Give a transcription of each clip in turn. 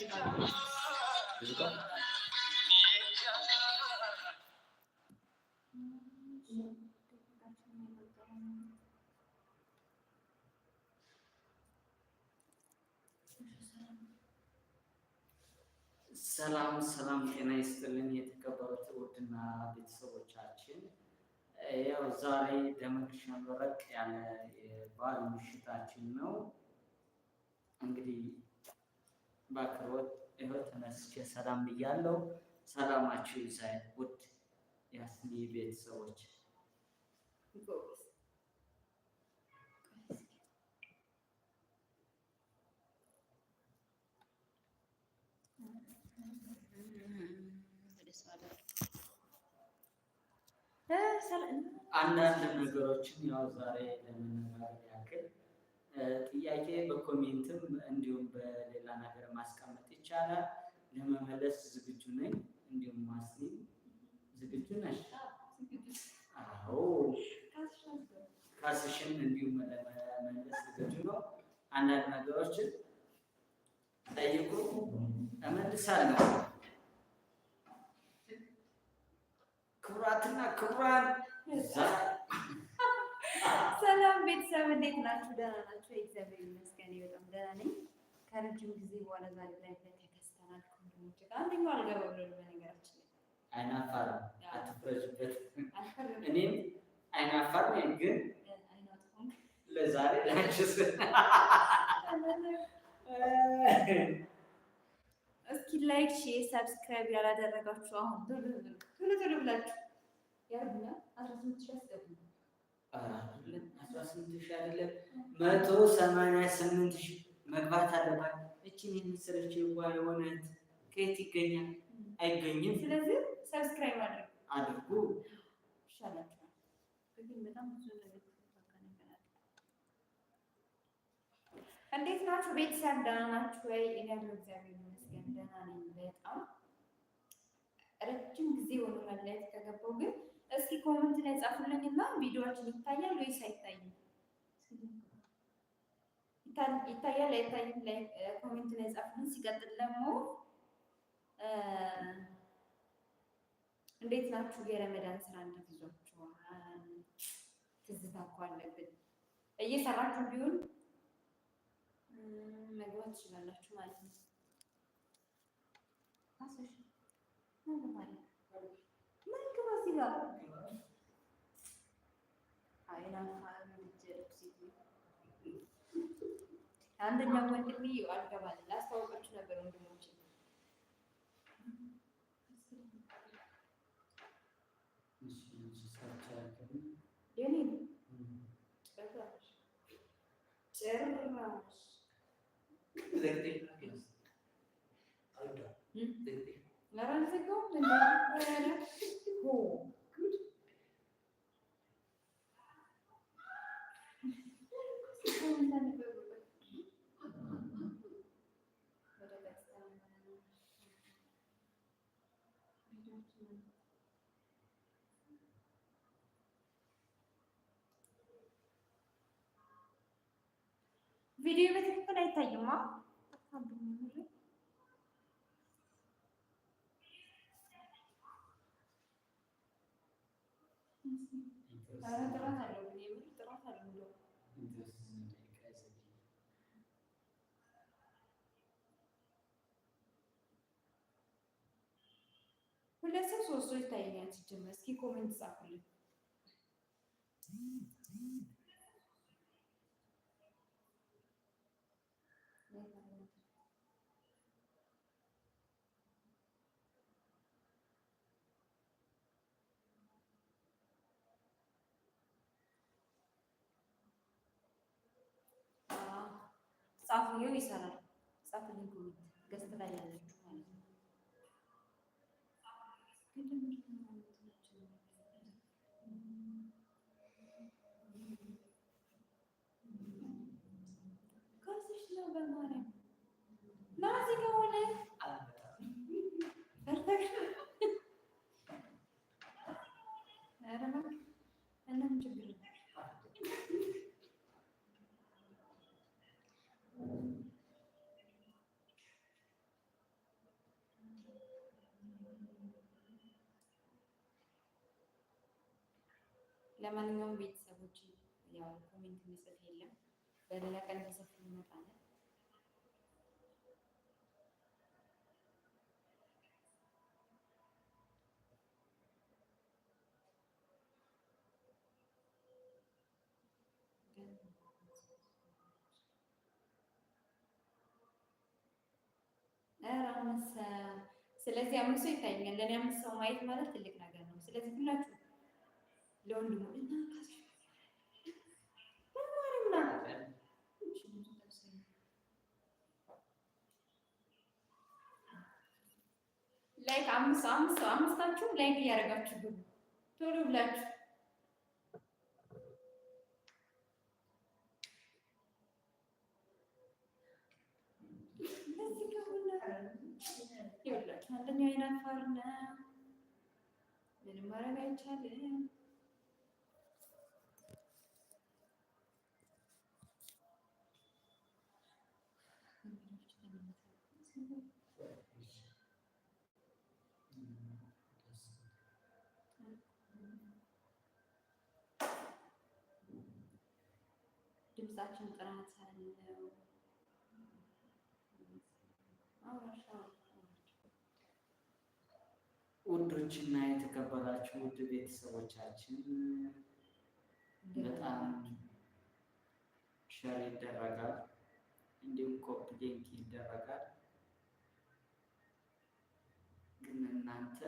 ሰላም ሰላም፣ ጤና ይስጥልን የተከበሩት ውድና ቤተሰቦቻችን፣ ያው ዛሬ ደመቅ ሸበረቅ ያለ የበዓል ምሽታችን ነው እንግዲህ በአክብሮት ይኸው ተመስገን ሰላም ብያለሁ። ሰላማችሁ ይብዛ ውድ የአስኒ ቤተሰቦች። አንዳንድ ነገሮችን ያው ዛሬ ለመነጋገር ያክል ጥያቄ በኮሜንትም በሌላ ነገር ማስቀመጥ ይቻላል። ለመመለስ ዝግጁ ነኝ። እንዲሁም ማስኒ ዝግጁ ነሽ? አዎ፣ ካስሽን እንዲሁም ለመመለስ ዝግጁ ነው። አንዳንድ ነገሮችን ጠይቁ፣ እመልሳለሁ። ክቡራትና ክቡራን ሰላም ቤተሰብ እንዴት ናችሁ? ደህና ናችሁ? እግዚአብሔር ይመስገን በጣም ደህና ነኝ። ከረጅም ጊዜ በኋላ ዛሬ ላይ ተከስተናል። ከወንድሞች ጋር አንደኛው አልገባ ብሎ በነገራችን ላይ አይናፋር አትፍረጅበት። እኔም አይናፋር ነኝ፣ ግን ለዛሬ ላችስ እስኪ ላይክ፣ ሼር፣ ሰብስክራይብ ያላደረጋችሁ አሁን ቶሎ ቶሎ ብላችሁ ያርጉና አስራ ስምንት ሺህ አስገቡ። አስራ ስምንት ሺህ አይደለም መቶ ሰማንያ ስምንት ሺህ መግባት አለባት። እችን የምስለች ጓ የሆነት ከየት ይገኛል? አይገኝም። ስለዚህ ሰብስክራይብ አድርጉ አድርጉ እንዴት ናችሁ ቤተሰብ? ደህና ናችሁ ወይ? እኔ እግዚአብሔር ይመስገን ደህና ነኝ። በጣም ረጅም ጊዜ ሆኖ መለያየት ከገባው ግን እስኪ ኮመንት ላይ ጻፉልኝ እና ቪዲዮችን ይታያል ወይስ አይታይም? ይታያል አይታይም ላይ ኮሜንት ላይ ጻፉልኝ። ሲቀጥል ደግሞ እንዴት ናችሁ? የረመዳን ስራ እንዴት ይዟችኋል? ትዝታ እኮ አለብን። እየሰራችሁ ቢሆን መግባት ትችላላችሁ ማለት ነው። አንደኛው ወንድሜ አልገባል ላስተዋወቃችሁ ነበር ወንድሞች ጭራሽ ጭራሽ ቪዲዮ በትክክል አይታይማ። ሁለት ሰው ሶስት ሰው ይታየኛል። ሲጀመር እስኪ ኮሜንት ጻፉልኝ። ጻፉ፣ ይሰራል። ጻፉ፣ ገዝት ላይ ያለችው ለማንኛውም ቤተሰቦች ያው ኮሜንት የሚጽፍ የለም። በሌላ ቀን ተሰፍ እንመጣለን። ስለዚህ አምስት ሰው ይታየኛል። ለእኔ አምስት ሰው ማየት ማለት ትልቅ ነገር ነው። ስለዚህ ሁላችሁ ለወንድሙ ላይክ አምስት አምስት አምስታችሁ ላይክ እያደረጋችሁ ግቡ ቶሎ ብላችሁ ይኸውላችሁ አንደኛው አይናፋር ነው። ምንም ማድረግ አይቻልም። ድምጻችን ጥራት አለው። ውዶች እና የተከበራችሁ ውድ ቤተሰቦቻችን በጣም ሸር ይደረጋል። እንዲሁም ኮፒ ሊንክ ይደረጋል። ግን እናንተ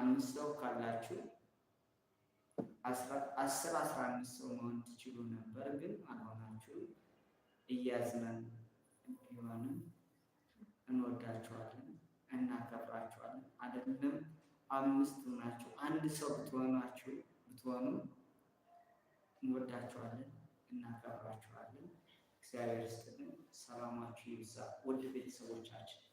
አምስት ሰው ካላችሁ አስር አስራ አምስት ሰው መሆን ትችሉ ነበር፣ ግን አልሆናችሁም። እያዝነን ቢሆንም እንወዳችኋለን፣ እናከብራችኋለን። አይደለም አምስት ሆናችሁ አንድ ሰው ብትሆናችሁ ብትሆኑ እንወዳችኋለን፣ እናከብራችኋለን። እግዚአብሔር ይስጥልን። ሰላማችሁ ይብዛ ውድ ቤተሰቦቻችን።